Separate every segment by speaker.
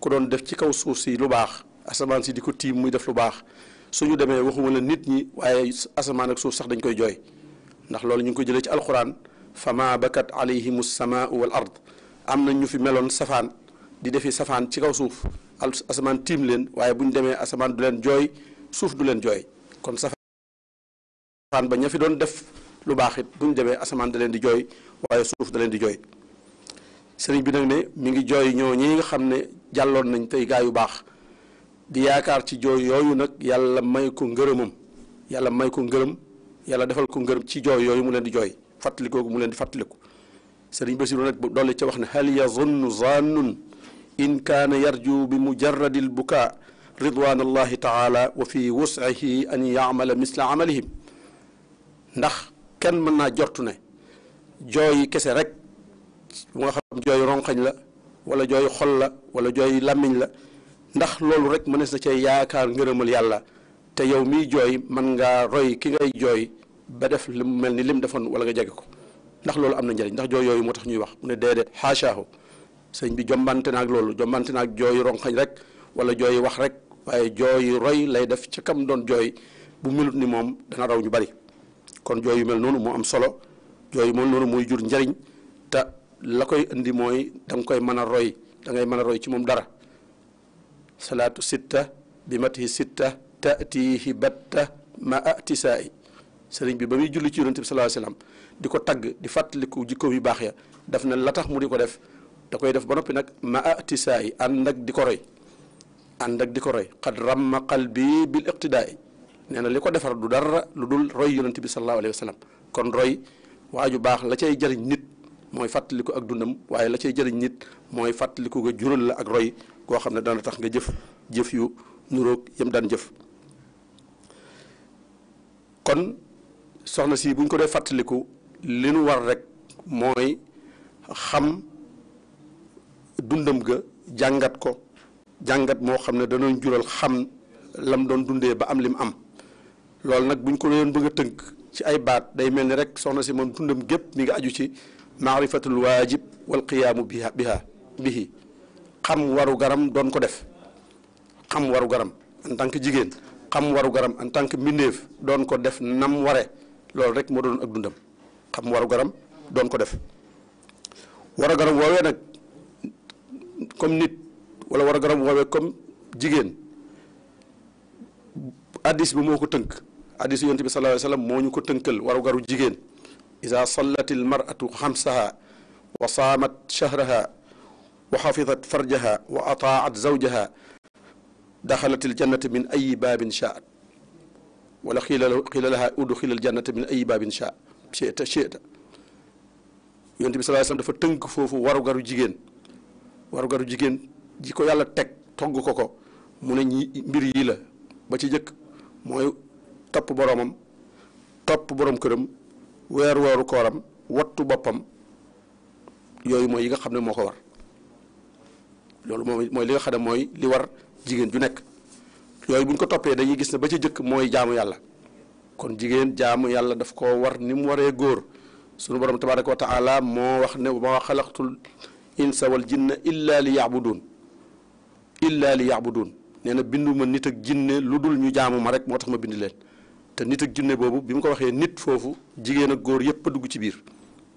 Speaker 1: ku doon def ci kaw suuf si lu baax asamaan si di ko tiim muy def lu baax su ñu demee waxuma la nit ñi waaye asamaan ak suuf sax dañ koy jooy ndax loolu ñu ngi ko jëlee ci alquran fama bakat alayhim samaau wal ard am na ñu fi meloon safaan di defi safaan ci kaw suuf al asamaan tiim leen waaye bu ñu demee asamaan du leen jooy suuf du leen jooy kon safaan ba ña fi doon def lu baax it bu ñu demee asamaan da leen di jooy waaye suuf da leen di jooy sëriñ bi nag ne mi ngi jooy ñoo ñi nga xam ne jàlloon nañ tey gaa yu baax di yaakaar ci jooy yooyu nag yàlla may ko ngërëmam yàlla may ngërëm yàlla defal ko ngërëm ci jooy yooyu mu leen di jooy fàttalikoogu mu leen di fàttaliku sëriñ Basiru nag dolli ca wax ne hal yazunnu zannun in kaana yarju bi mujarradi l bukaa ridwan allahi taala wa fi wus'ihi an yaamala misla amalihim ndax kenn mën naa jortu ne jooyi kese rek bu nga xam jooy ronqañ la wala jooy xol la wala jooy làmmiñ la ndax loolu rek mënees sa cee yaakaar ngërëmal yàlla te yow mii jooy man ngaa roy ki ngay jooy ba def li mu mel ni lim defoon wala nga jege ko ndax loolu am na njëriñ ndax jooy yooyu moo tax ñuy wax mu ne déedéet xaashaahu sëñ bi jombante naag loolu jombante naag jooy ronqañ rek wala jooy wax rek waaye jooy roy lay def ca kam doon jooy bu melut ni moom dana raw ñu bari kon jooyu mel noonu moo am solo jooy yu mel noonu muy jur njariñ te la koy indi mooy da nga koy mën a roy da ngay mën a roy ci moom dara salaatu sitta bi matihi sitta taatihi batta ma atisaa i sëriñ bi ba muy julli ci yonente bi sallallahu alayhi wasallam di ko tagg di fàttaliku jikko yu baax ya daf na la tax mu di ko def da koy def ba noppi nag ma atisaa i ànd ak di ko roy ànd ak di ko roy xad ramma qalbi bil iqtidaa i nee na li ko defar du dara lu dul roy yonente bi sallallahu alayhi wasallam kon roy waaju baax la cay jariñ nit mooy fàttaliku ak dundam waaye la cay jëriñ nit mooy fàttaliku nga jural la ak roy goo xam ne dana tax nga jëf jëf yu nuroog yam daan jëf kon soxna si buñ ko dee fàttaliku li nu war rek mooy xam dundam ga jàngat ko jàngat moo xam ne danoon jural xam lam doon dundee ba am lim am loolu nag buñ ko doon bëgg a tënk ci ay baat day mel ni rek soxna si moom dundam gépp mi nga aju ci maarifatul waajib wal qiyaamu biha biha bihi xam waru garam doon ko def xam waru garam en tant jigéen xam waru garam en tant que doon ko def nam ware loolu rek moo doon ak dundam xam waru garam doon ko def waru garam woowee nag comme nit wala waru garam woowee comme jigéen addis bi moo ko tënk addis yonent bi sallallahu alayhi moo ñu ko tënkal waru garu jigéen ida sallat almaratu xamsaha wa saamat shahraha wa xafidat farjaha wa ataat zawjaha daxalat aljannata min ayi baabin shaat wala xiila xiila laha udxila aljannata min ayi baabin shaa cheta cheta yonent bi sallallahu dafa tënk foofu warugaru jigéen warugaru jigéen ji ko yàlla teg togg ko ko mu ne ñi mbir yii ba ci jëkk mooy topp boroomam topp borom këram weer weeru kooram wattu boppam yooyu mooy yi nga xam ne moo ko war loolu moom mooy li nga xam ne mooy li war jigéen ju nekk yooyu bu ñu ko toppee dañuy gis ne ba ci jëkk mooy jaamu yàlla kon jigéen jaamu yàlla daf ko war ni mu waree góor sunu borom tabaraka wa taala moo wax ne ma xalaqtul insa wal jinna illa li yaabudun illa li yaabudun nee na bindu ma nit ak jinne lu dul ñu jaamu ma rek moo tax ma bind leen te nit ak junne boobu bi mu ko waxee nit foofu jigéen ak góor yëpp a dugg ci biir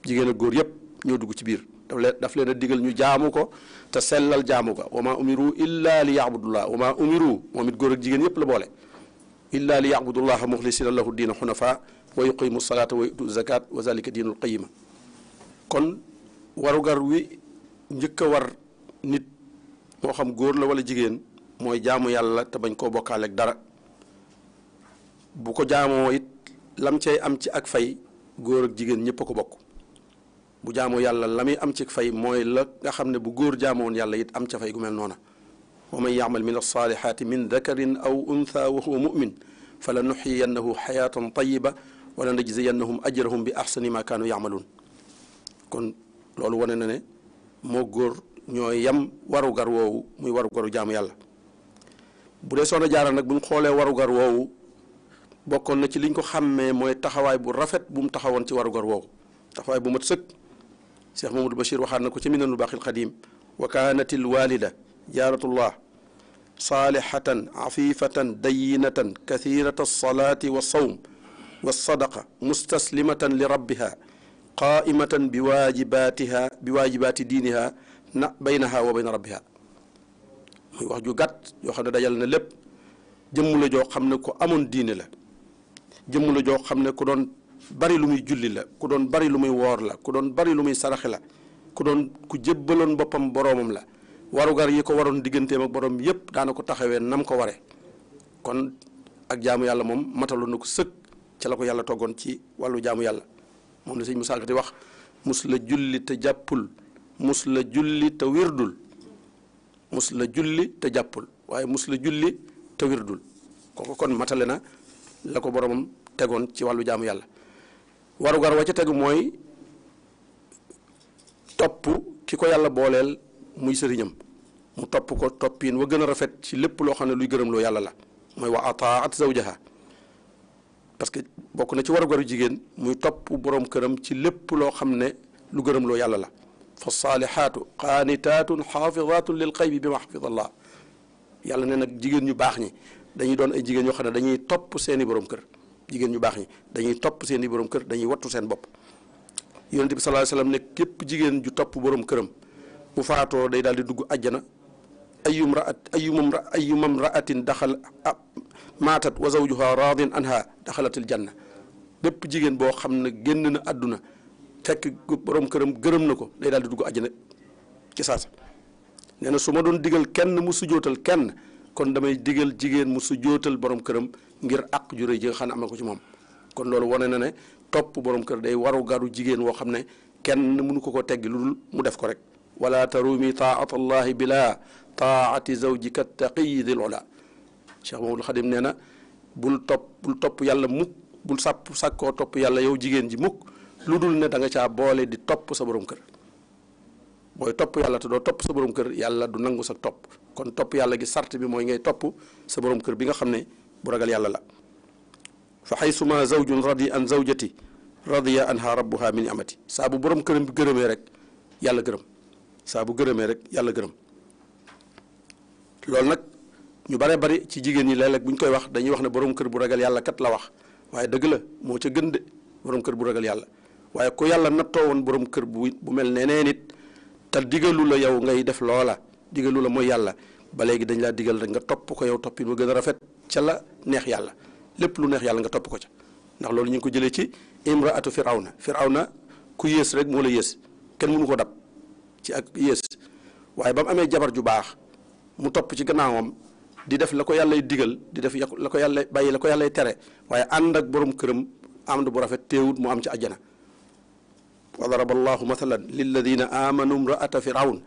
Speaker 1: jigéen ak góor yëpp ñoo dugg ci biir daf leen daf leen a digal ñu jaamu ko te sellal jaamu ko wa maa umiru illa li yëpp la boole illa li yabudullaha muxlisina lahu diina xunafa wa yuqimu salaata wa yutu zakat wa zalika diinul qayima kon warugar wi njëkk a war nit moo xam góor la wala jigéen mooy jaamu yàlla te bañ koo bokkaaleeg dara bu ko jaamoo it lam cay am ci ak fay góor ak jigéen ñëpp a ko bokk bu jaamoo yàlla la muy am ci fay mooy la nga xam ne bu góor jaamoon yàlla it am ca fay gu mel noona wa man yaamal min alsaalihaati min dakarin aw untha wa huwa mumin fa la nuxiyannahu xayaatan tayiba wala najziyannahum ajrahum bi axsani ma kaanu yaamaluun kon loolu wane na ne moo góor ñoo yam warugar woowu muy warugaru jaamu yàlla bu dee soxna jaara nag buñ xoolee warugar bokkoon na ci liñ ko xàmmee mooy taxawaay bu rafet bu mu taxawoon ci warugar woowu taxawaay bu mat sëkk Cheikh Mamadou Bachir waxaat na ko ci minanul baaxil xadim wa kaanat il walida jaratullah saalihatan afifatan dayinatan kathirat alsalati wa sawm wa sadaqa mustaslimatan li rabbiha qaimatan bi waajibatiha bi waajibaati diiniha na baynaha wa bayna rabbiha muy wax ju gàtt yoo xam ne dajal na lépp jëmm la joo xam ne ko amoon diin la jëmm la joo xam ne ku doon bari lu muy julli la ku doon bari lu muy woor la ku doon bari lu muy saraxe la ku doon ku jébbaloon boppam boroomam la warugar yi ko waroon digganteem ak boroom yépp daana ko taxawee nam ko ware kon ak jaamu yàlla moom mataloon na ko sëkk ci la ko yàlla toggoon ci wàllu jaamu yàlla moom la sëñ Musaa Ka di wax mus la julli te jàppul mus la julli te wirdul mus la julli te jàppul waaye mus la julli te wirdul kooku kon matale la ko boromam tegoon ci wàllu jaamu yàlla warugar wa ca tegu mooy topp ki ko yàlla booleel muy sëriñam mu topp ko toppiin wa gën a rafet ci lépp loo xam ne luy gërëm loo yàlla la mooy wa ataat zawjaha parce que bokk na ci warugaru jigéen muy topp borom këram ci lépp loo xam ne lu gërëm loo yàlla la fa saalihaatu qaanitaatun xaafidaatun lil xaybi bi bi ma xafidallah yàlla ne nag jigéen ñu baax ñi dañuy doon ay jigéen ñoo xam ne dañuy topp seeni borom kër jigéen ñu baax ñi dañuy topp seeni borom kër dañuy wattu seen bopp yonent bi sallallahu alayhi wasallam ne jigéen ju topp borom këram bu faatoo day daal di dugg àjjana ayum raat ayumam ra ayumam raatin daxal ah, maatat wa zawjuha radin anha daxalatil janna bépp jigéen boo xam ne génn na àdduna fekk boroom këram gërëm na ko day daal di dugg àjjana ci saasa su ma doon digal kenn mu sujootal kenn kon damay digal jigéen mu su borom këram ngir àq jure rëy ji nga xam ne am na ko ci moom kon loolu wane na ne topp borom kër day waru garu jigéen woo xam ne kenn mënu ko ko teggi lu dul mu def ko rek wala tarumi taata allahi bila taati zawjika taqiyi dil ola cheikh mamadul xadim nee na bul topp bul topp yàlla mukk bul sàpp sàkkoo topp yàlla yow jigéen ji mukk lu dul ne da nga caa boole di topp sa borom kër booy topp yàlla te doo topp sa borom kër yàlla du nangu sa topp kon topp yàlla gi sart bi mooy ngay topp sa borom kër bi nga xam ne bu ragal yàlla la fa xaysuma zawjun radi an zawjati radiya anha rabbuha min amati saa bu borom këram bu gërëmee rek yàlla gërëm saa bu gërëmee rek yàlla gërëm loolu nag ñu bare bari ci jigéen ñi léeg-léeg bu ñu koy wax dañuy wax ne borom kër bu ragal yàlla kat la wax waaye dëgg la moo ca gën de borom kër bu ragal yàlla te digalu la yow ngay def loola digalu la mooy yàlla ba léegi dañ laa digal rek nga topp ko yow toppin wa gën a rafet ca la neex yàlla lépp lu neex yàlla nga topp ko ca ndax loolu ñu ko jëlee ci atu imraatu firawna na ku yées rek moo la yées kenn mënu ko dab ci ak yées waaye ba mu amee jabar ju baax mu topp ci gannaawam di def la ko yàllay digal di def la ko yàlla bàyyi la ko yàllay tere waaye ànd ak boroom këram ànd bu rafet teewut mu am ci àjjana wa daraba allahu mathalan lilladina amanu imraata firawn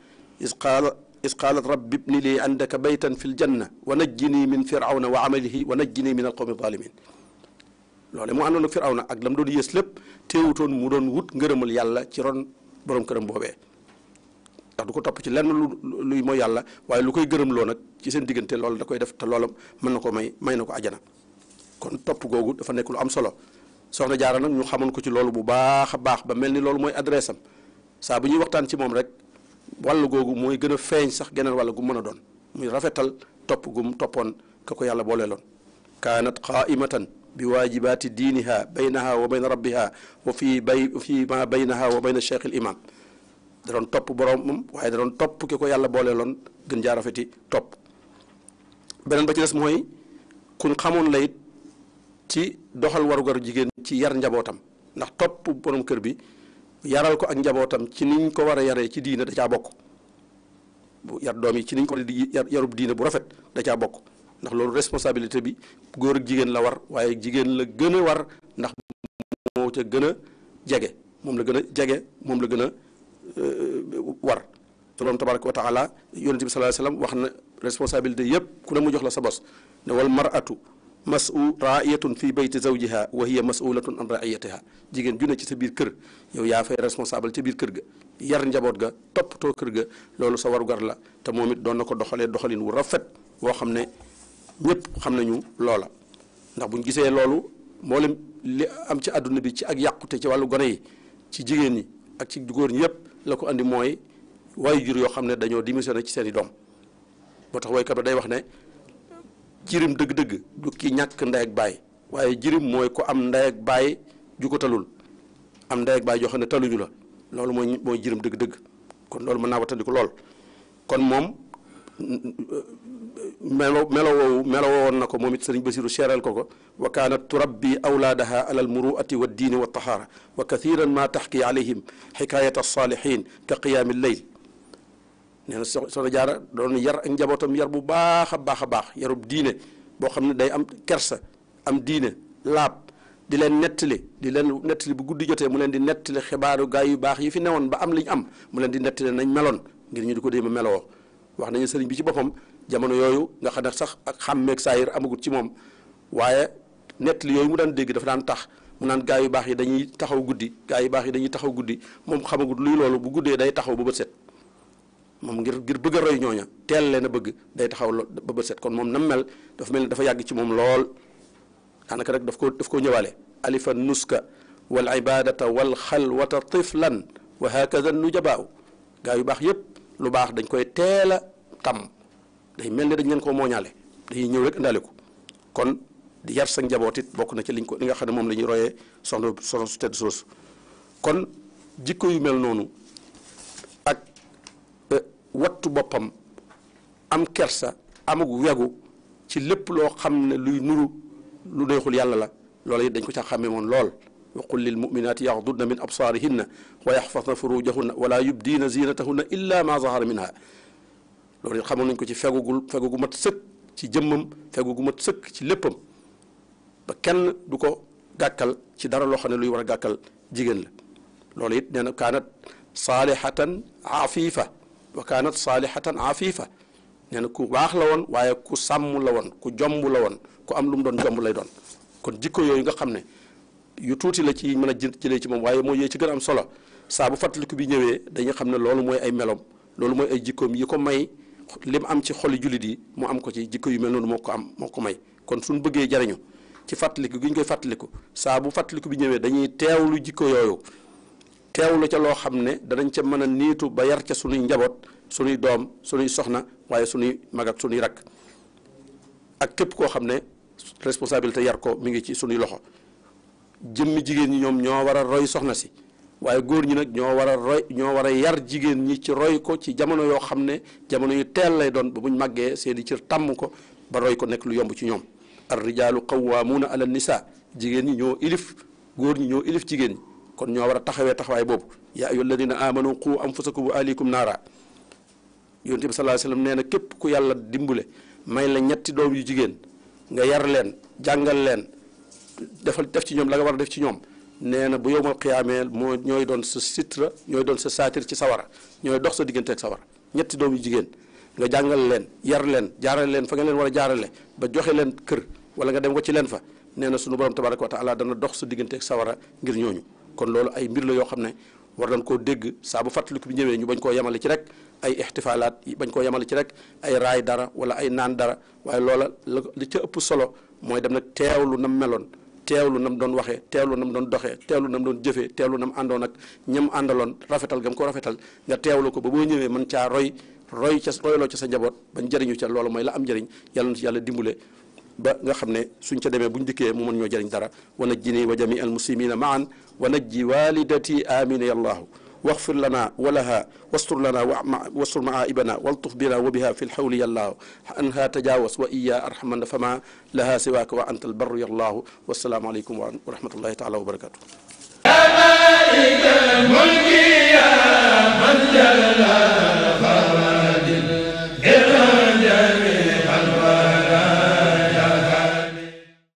Speaker 1: is qaala is qaalat rabbi bni lii indaka baytan fi ljanna wa najjini min firawna wa amalihi wa najjini min alqawmi zalimin loolu mu àndoon ak firawna ak lam doon yées lépp teewutoon mu doon wut ngërëmal yàlla ci ron borom këram boobee ndax du ko topp ci lenn lu luy mooy yàlla waaye lu koy gërëm loo nag ci seen diggante loolu da koy def te loola mën na ko may may na ko ajana kon topp googu dafa nekk lu am solo soxna jaara nag ñu xamoon ko ci loolu bu baax a baax ba mel ni loolu mooy adresse am saa bu ñuy waxtaan ci moom rek wàll googu mooy gën a feeñ sax geneen wàll gu mën a doon muy rafetal topp gum toppoon ka ko yàlla booleeloon kaanat qaimatan bi waajibaati diiniha baynaha wa bayna rabbiha wa fi bay fi ma baynaha wa bayna cheikh al imam da doon topp boroomam waaye da doon topp ki ko yàlla booleeloon gën jaa rafeti topp beneen ba ci des mooy kun xamoon la ci doxal warugaru jigéen ci yar njabootam ndax topp borom kër bi yaral ko ak njabootam ci niñ ko war a yaree ci diina da caa bokk yar doom yi ci niñ ko yar yarub diina bu rafet da caa bokk ndax loolu responsabilité bi góor jigéen la war waaye jigéen la gën a war ndax moo ca gën a jege moom la gën a jege moom la gën a euh, war borom tabaraka wa taala yonent bi sallallahu alayhi wax na responsabilité yépp ku ne mu jox la sa bos ne wal maratu masu raayatun fi bayti zawjiha wa hiya masulatun an raayatiha jigéen ju ne ci sa biir kër yow yaa fay responsable ci biir kër ga yar njaboot ga toppatoo kër ga loolu sa warugar la te moom it doon na ko doxalee doxalin wu rafet woo xam ne ñëpp xam nañu loola ndax buñ gisee loolu mboolem li am ci àdduna bi ci ak yàqute ci wàllu gone yi ci jigéen ñi ak ci góor ñi yëpp la ko indi mooy waajur yoo xam ne dañoo démissionné ci seen i doom moo tax waykat ba day wax ne jirim dëgg-dëgg du ki ñàkk ndey baay waaye jirim mooy ko am ndey baay ju ko talul am ndey baay jox xam ne taluñu la loolu mooy mooy jirim dëgg-dëgg kon loolu mën naa wattandiku lool kon moom melo melo woowu melo woon na ko moom it sëriñ Basiru seeral ko ko wa kaanat turabbi awlaadaha ala almuruati wa diini wa tahaara wa kathiran ma ki alayhim xikaayata alsaalihin ka qiyaami lleyl so na soxna jaara doon yar ak njabootam yar bu baax a baax a baax yarub diine boo xam ne day am kerse am diine laab di leen nettali di leen nettali bu guddi jotee mu leen di nettali xibaaru gaay yu baax yi fi newoon ba am li ñu am mu leen di nettali nañ meloon ngir ñu di ko ma meloo wax nañu sëriñ bi ci boppam jamono yooyu nga xam ne sax ak saa saayir amagut ci moom waaye nettali yooyu mu daan dégg dafa daan tax mu naan gaa yu baax yi dañuy taxaw guddi gaay yu baax yi dañuy taxaw guddi moom xamagut luy loolu bu guddee day taxaw ba bët set moom ngir ngir bëgg a roy ñooña teel leen a bëgg day taxaw ba bët set kon moom nam mel dafa mel ni dafa yàgg ci moom lool daanaka rek daf ko daf koo ñëwaale alifa nuska wal ibadata wal xalwata tiflan wa hakada nujabaaw gaa yu baax yépp lu baax dañ koy teel a tàmm day mel ni dañ leen koo mooñaale dañuy ñëw rek indaale ko kon di yar sa njaboot it bokk na ci liñ ko li nga xam ne moom la ñuy royee soxna soxna su tedd kon jikko yu mel noonu wattu boppam am kersa amug wegu ci lépp loo xam ne luy nuru lu neexul yàlla la loola it dañ ko ca xàmme moon lool wa qul lil muminaati yaxdudna min absaarihinna wa yaxfasna furujahunna wala yubdiina zinatahunna illa ma zahara minha loolu it xamoon nañ ko ci fegugul fegugu mat sëkk ci jëmmam fegu mat sëkk ci léppam ba kenn du ko gàkkal ci dara loo xam ne luy war a gàkkal jigéen la loolu it nee na kaanat saalihatan afifa wa kaanat saalihatan afifa nee na ku baax la woon waaye ku sàmm la woon ku jomb la woon ku am lu mu doon jomb lay doon kon jikko yooyu nga xam ne yu tuuti la ci mën a jëlee ci moom waaye moo yee ci gën am solo saa bu fàttaliku bi ñëwee dañuy xam ne loolu mooy ay melom loolu mooy ay jikkoom yi ko may li am ci xoli jullit yi mu am ko ci jikko yu mel noonu moo ko am moo ko may kon suñ bëggee jariñu ci fàttaliku gi ñu koy fàttaliku saa bu fàttaliku bi ñëwee dañuy teewlu jikko yooyu teewlu ca loo xam ne danañ ca mën a niitu ba yar ca sunuy njaboot sunuy doom sunuy soxna waaye sunuy mag ak sunuy rakk ak képp koo xam ne responsabilité yar ko mi ngi ci sunuy loxo jëmmi jigéen ñi ñoom ñoo war a roy soxna si waaye góor ñi nag ñoo a ñoo war a yar jigéen ñi ci roy ko ci jamono yoo xam ne jamono yu teel lay doon ba buñ màggee seen i cër tàmm ko ba roy ko nekk lu yomb ci ñoom ar rijaalu qawwaamuuna ala nisa jigéen ñi ñoo ilif góor ñi ñoo ilif jigéen ñi kon ñoo war a taxawee taxawaay boobu yaa ayyuha alladina amanu qu anfusakum wa ahlikum naara yonent bi sallallahu alayhi wasallam nee na képp ku yàlla dimbule may la ñetti doom yu jigéen nga yar leen jàngal leen defal def ci ñoom la nga war a def ci ñoom nee na bu yowmal xiyaamee moo ñooy doon sa sitra ñooy doon sa saatir ci sawara ñooy dox sa digganteeg sawara ñetti doom yu jigéen nga jàngal leen yar leen jaarale leen fa nga leen war a jaarale ba joxe leen kër wala nga dem ko ci leen fa nee na sunu borom tabaraka wa taala dana dox sa digganteeg sawara ngir ñooñu kon loolu ay mbir la yoo xam ne war nañ koo dégg saa bu fàttaliku bi ñëwee ñu bañ koo yemale ci rek ay ixtifaalaat bañ koo yemale ci rek ay raay dara wala ay naan dara waaye loola la li ca ëpp solo mooy dem nag teewlu nam meloon teewlu nam doon waxee teewlu nam doon doxee teewlu nam doon jëfee teewlu nam àndoon ak ñam àndaloon rafetal gam ko rafetal nga teewlu ko ba boo ñëwee mën caa roy roy ca royloo ca sa njaboot bañ jëriñu ca loolu mooy la am njëriñ yàlla na dimbale ba nga xam ne suñ ca demee buñ dikkee mu mën ñoo jëriñ dara wa najjini wa jami al muslimina maan wa najji walidati amina yallahu waxfir lana wa laha wastur lana wastur maaibana waltuf bina wa biha fi lxawli yallahu anha tajawas wa iya arhaman fama laha siwaaka wa anta albarru yallahu wasalaamu aleykum wa rahmatullahi taala wa barakatu مالك الملك يا من جلاله